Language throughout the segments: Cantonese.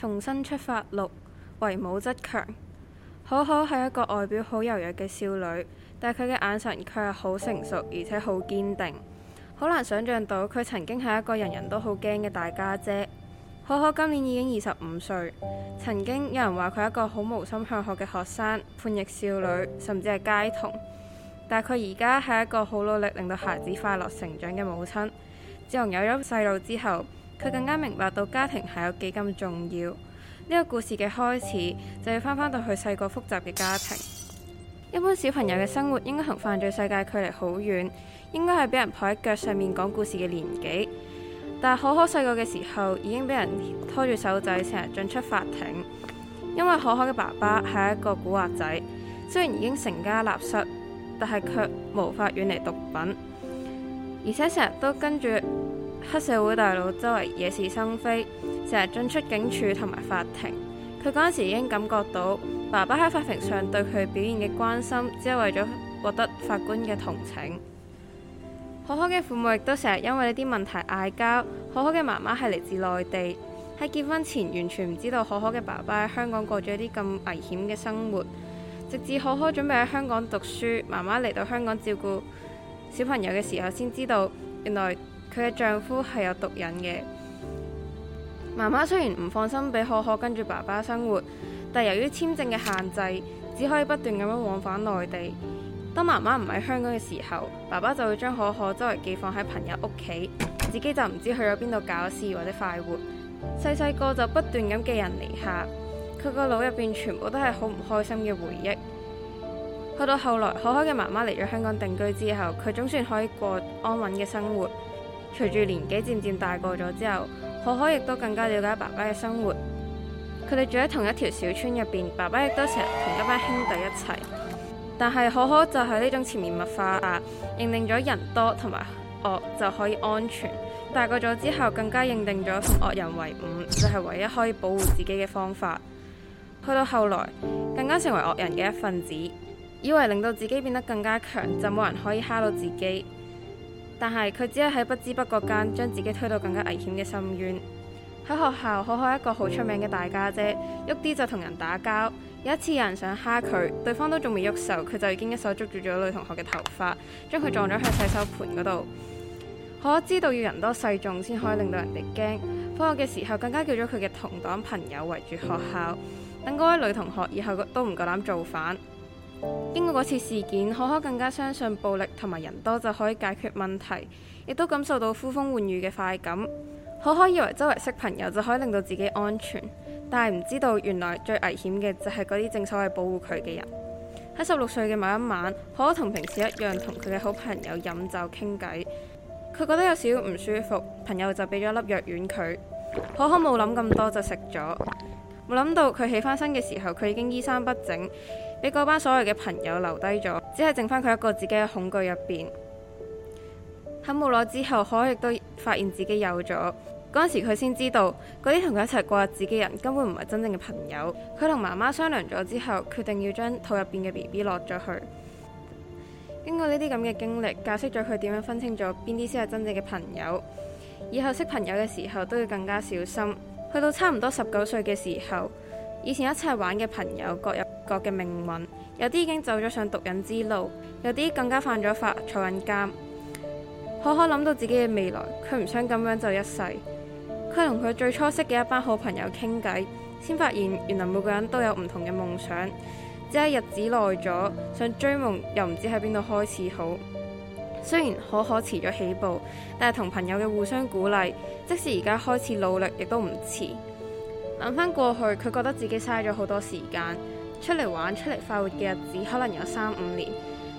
重新出發六，為母則強。可可係一個外表好柔弱嘅少女，但佢嘅眼神卻係好成熟，而且好堅定。好難想象到佢曾經係一個人人都好驚嘅大家姐。可可今年已經二十五歲，曾經有人話佢係一個好無心向學嘅學生、叛逆少女，甚至係街童。但佢而家係一個好努力令到孩子快樂成長嘅母親。自從有咗細路之後，佢更加明白到家庭係有幾咁重要。呢個故事嘅開始就要翻返到佢細個複雜嘅家庭。一般小朋友嘅生活應該同犯罪世界距離好遠，應該係俾人抱喺腳上面講故事嘅年紀。但係可可細個嘅時候，已經俾人拖住手仔，成日進出法庭，因為可可嘅爸爸係一個古惑仔，雖然已經成家立室，但係卻無法遠離毒品，而且成日都跟住。黑社會大佬周圍惹是生非，成日進出警署同埋法庭。佢嗰陣時已經感覺到爸爸喺法庭上對佢表現嘅關心，只係為咗獲得法官嘅同情。可可嘅父母亦都成日因為呢啲問題嗌交。可可嘅媽媽係嚟自內地，喺結婚前完全唔知道可可嘅爸爸喺香港過咗一啲咁危險嘅生活。直至可可準備喺香港讀書，媽媽嚟到香港照顧小朋友嘅時候，先知道原來。佢嘅丈夫係有毒癮嘅。媽媽雖然唔放心，俾可可跟住爸爸生活，但由於簽證嘅限制，只可以不斷咁樣往返內地。當媽媽唔喺香港嘅時候，爸爸就會將可可周圍寄放喺朋友屋企，自己就唔知去咗邊度搞事或者快活。細細個就不斷咁寄人籬下，佢個腦入邊全部都係好唔開心嘅回憶。去到後來，可可嘅媽媽嚟咗香港定居之後，佢總算可以過安穩嘅生活。隨住年紀漸漸大個咗之後，可可亦都更加了解爸爸嘅生活。佢哋住喺同一條小村入邊，爸爸亦都成日同一班兄弟一齊。但係可可就係呢種潛移默化，認定咗人多同埋惡就可以安全。大個咗之後，更加認定咗同惡人為伍就係唯一可以保護自己嘅方法。去到後來，更加成為惡人嘅一份子，以為令到自己變得更加強，就冇人可以蝦到自己。但係佢只係喺不知不覺間將自己推到更加危險嘅深淵。喺學校，可可係一個好出名嘅大家姐，喐啲就同人打交。有一次有人想蝦佢，對方都仲未喐手，佢就已經一手捉住咗女同學嘅頭髮，將佢撞咗喺洗手盆嗰度。可知道要人多勢眾先可以令到人哋驚，放學嘅時候更加叫咗佢嘅同黨朋友圍住學校，等嗰位女同學以後都唔夠膽造反。經過嗰次事件，可可更加相信暴力同埋人多就可以解決問題，亦都感受到呼風喚雨嘅快感。可可以為周圍識朋友就可以令到自己安全，但係唔知道原來最危險嘅就係嗰啲正所謂保護佢嘅人。喺十六歲嘅某一晚，可可同平時一樣同佢嘅好朋友飲酒傾偈。佢覺得有少少唔舒服，朋友就俾咗粒藥丸佢。可可冇諗咁多就食咗，冇諗到佢起返身嘅時候，佢已經衣衫不整。俾嗰班所謂嘅朋友留低咗，只係剩返佢一個自己嘅恐懼入邊。喺冇耐之後，可亦都發現自己有咗。嗰陣時佢先知道，嗰啲同佢一齊過日子嘅人根本唔係真正嘅朋友。佢同媽媽商量咗之後，決定要將肚入邊嘅 BB 落咗去。經過呢啲咁嘅經歷，教識咗佢點樣分清楚邊啲先係真正嘅朋友。以後識朋友嘅時候都要更加小心。去到差唔多十九歲嘅時候。以前一齊玩嘅朋友各有各嘅命運，有啲已經走咗上毒癮之路，有啲更加犯咗法，坐緊監。可可諗到自己嘅未來，佢唔想咁樣就一世。佢同佢最初識嘅一班好朋友傾偈，先發現原來每個人都有唔同嘅夢想。只係日子耐咗，想追夢又唔知喺邊度開始好。雖然可可遲咗起步，但係同朋友嘅互相鼓勵，即使而家開始努力，亦都唔遲。諗翻過去，佢覺得自己嘥咗好多時間出嚟玩、出嚟快活嘅日子，可能有三五年，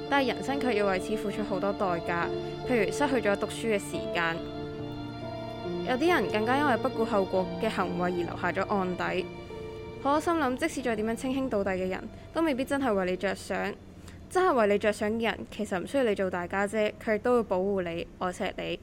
但係人生卻要為此付出好多代價，譬如失去咗讀書嘅時間。有啲人更加因為不顧後果嘅行為而留下咗案底。我心諗，即使再點樣稱兄道弟嘅人，都未必真係為你着想。真係為你着想嘅人，其實唔需要你做大家姐，佢亦都會保護你、愛錫你。